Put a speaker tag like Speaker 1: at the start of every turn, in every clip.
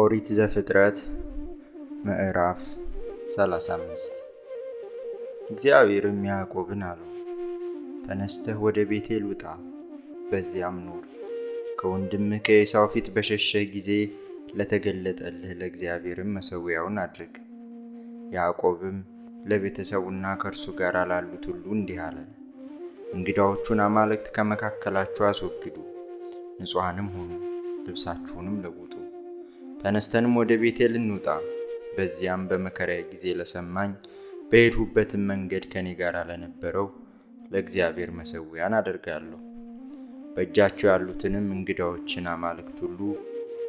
Speaker 1: ኦሪት ዘፍጥረት ምዕራፍ 35 እግዚአብሔርም ያዕቆብን አለው፣ ተነስተህ ወደ ቤቴል ውጣ፣ በዚያም ኑር። ከወንድምህ ከኤሳው ፊት በሸሸህ ጊዜ ለተገለጠልህ ለእግዚአብሔርም መሰዊያውን አድርግ። ያዕቆብም ለቤተሰቡና ከእርሱ ጋር ላሉት ሁሉ እንዲህ አለ፣ እንግዳዎቹን አማልክት ከመካከላችሁ አስወግዱ፣ ንጹሐንም ሆኑ ልብሳችሁንም ለውጡ ተነስተንም ወደ ቤቴል እንውጣ፣ በዚያም በመከራ ጊዜ ለሰማኝ በሄድሁበትም መንገድ ከኔ ጋር ለነበረው ለእግዚአብሔር መሠዊያን አደርጋለሁ። በእጃቸው ያሉትንም እንግዳዎችን አማልክት ሁሉ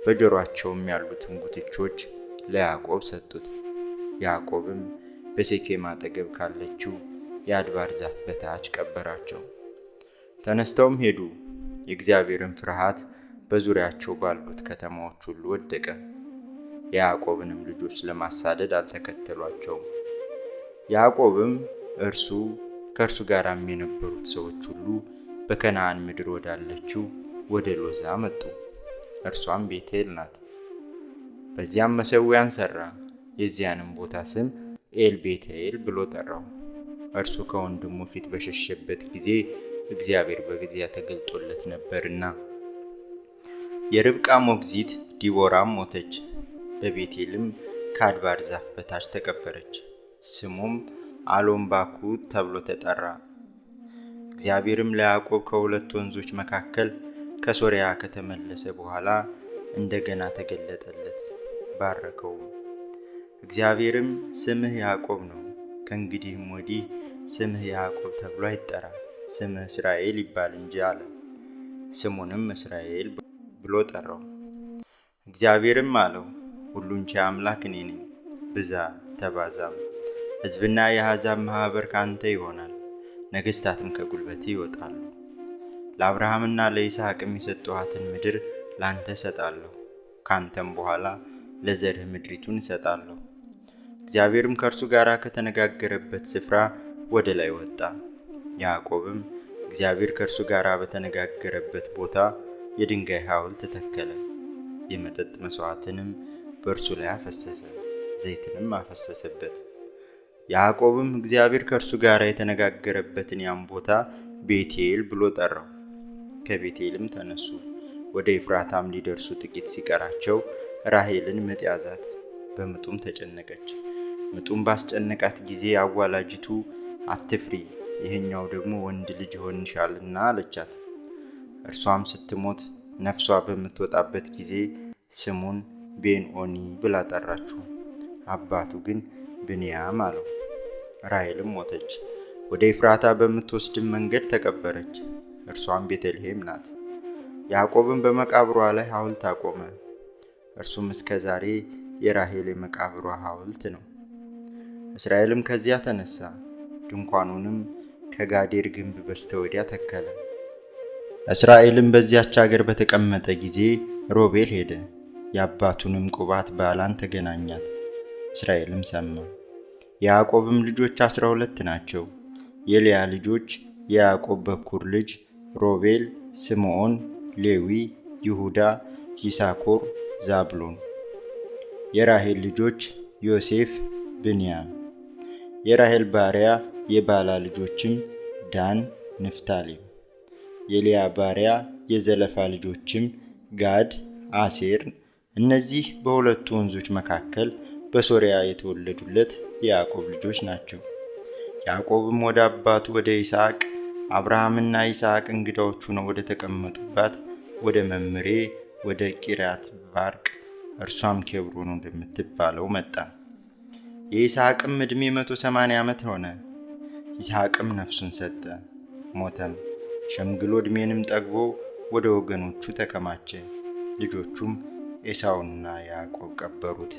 Speaker 1: በጆሯቸውም ያሉትን ጉትቾች ለያዕቆብ ሰጡት። ያዕቆብም በሴኬም አጠገብ ካለችው የአድባር ዛፍ በታች ቀበራቸው። ተነስተውም ሄዱ። የእግዚአብሔርን ፍርሃት በዙሪያቸው ባሉት ከተማዎች ሁሉ ወደቀ። የያዕቆብንም ልጆች ለማሳደድ አልተከተሏቸውም። ያዕቆብም እርሱ ከእርሱ ጋርም የነበሩት ሰዎች ሁሉ በከነዓን ምድር ወዳለችው ወደ ሎዛ መጡ። እርሷም ቤቴል ናት። በዚያም መሰዊያን ሠራ። የዚያንም ቦታ ስም ኤል ቤቴል ብሎ ጠራው። እርሱ ከወንድሙ ፊት በሸሸበት ጊዜ እግዚአብሔር በጊዜያ ተገልጦለት ነበርና። የርብቃ ሞግዚት ዲቦራም ሞተች፣ በቤቴልም ከአድባር ዛፍ በታች ተቀበረች። ስሙም አሎምባኩ ተብሎ ተጠራ። እግዚአብሔርም ለያዕቆብ ከሁለት ወንዞች መካከል ከሶርያ ከተመለሰ በኋላ እንደገና ተገለጠለት፣ ባረከው እግዚአብሔርም ስምህ ያዕቆብ ነው፣ ከእንግዲህም ወዲህ ስምህ ያዕቆብ ተብሎ አይጠራ፣ ስምህ እስራኤል ይባል እንጂ አለ። ስሙንም እስራኤል ብሎ ጠራው። እግዚአብሔርም አለው ሁሉን ቻይ አምላክ እኔ ነኝ፣ ብዛ ተባዛም፣ ሕዝብና የአሕዛብ ማኅበር ከአንተ ይሆናል፣ ነገሥታትም ከጉልበቴ ይወጣሉ። ለአብርሃምና ለይስሐቅም የሰጠኋትን ምድር ላንተ እሰጣለሁ፣ ካንተም በኋላ ለዘርህ ምድሪቱን እሰጣለሁ። እግዚአብሔርም ከእርሱ ጋር ከተነጋገረበት ስፍራ ወደ ላይ ወጣ። ያዕቆብም እግዚአብሔር ከእርሱ ጋር በተነጋገረበት ቦታ የድንጋይ ሐውልት ተተከለ። የመጠጥ መሥዋዕትንም በእርሱ ላይ አፈሰሰ፣ ዘይትንም አፈሰሰበት። ያዕቆብም እግዚአብሔር ከእርሱ ጋር የተነጋገረበትን ያም ቦታ ቤቴል ብሎ ጠራው። ከቤቴልም ተነሱ። ወደ ኤፍራታም ሊደርሱ ጥቂት ሲቀራቸው ራሄልን ምጥ ያዛት፣ በምጡም ተጨነቀች። ምጡም ባስጨነቃት ጊዜ አዋላጅቱ አትፍሪ፣ ይህኛው ደግሞ ወንድ ልጅ ይሆንሻልና አለቻት። እርሷም ስትሞት ነፍሷ በምትወጣበት ጊዜ ስሙን ቤንኦኒ ብላ ጠራችው። አባቱ ግን ብንያም አለው። ራሔልም ሞተች፣ ወደ ኤፍራታ በምትወስድም መንገድ ተቀበረች። እርሷም ቤተልሔም ናት። ያዕቆብም በመቃብሯ ላይ ሐውልት አቆመ። እርሱም እስከ ዛሬ የራሔል የመቃብሯ ሐውልት ነው። እስራኤልም ከዚያ ተነሳ፣ ድንኳኑንም ከጋዴር ግንብ በስተወዲያ ተከለ። እስራኤልም በዚያች አገር በተቀመጠ ጊዜ ሮቤል ሄደ፣ የአባቱንም ቁባት ባላን ተገናኛት። እስራኤልም ሰማ። የያዕቆብም ልጆች አስራ ሁለት ናቸው። የልያ ልጆች የያዕቆብ በኩር ልጅ ሮቤል፣ ስምዖን፣ ሌዊ፣ ይሁዳ፣ ይሳኮር፣ ዛብሎን። የራሄል ልጆች ዮሴፍ፣ ብንያም። የራሄል ባሪያ የባላ ልጆችም ዳን፣ ንፍታሌም። የሊያ ባሪያ የዘለፋ ልጆችም ጋድ፣ አሴር። እነዚህ በሁለቱ ወንዞች መካከል በሶሪያ የተወለዱለት የያዕቆብ ልጆች ናቸው። ያዕቆብም ወደ አባቱ ወደ ይስሐቅ አብርሃምና ይስሐቅ እንግዳዎቹ ነው ወደ ተቀመጡባት ወደ መምሬ ወደ ቂርያት ባርቅ እርሷም ኬብሮን እንደምትባለው መጣ። የይስሐቅም ዕድሜ 180 ዓመት ሆነ። ይስሐቅም ነፍሱን ሰጠ፣ ሞተም። ሸምግሎ ዕድሜንም ጠግቦ ወደ ወገኖቹ ተከማቸ። ልጆቹም ኤሳውና ያዕቆብ ቀበሩት።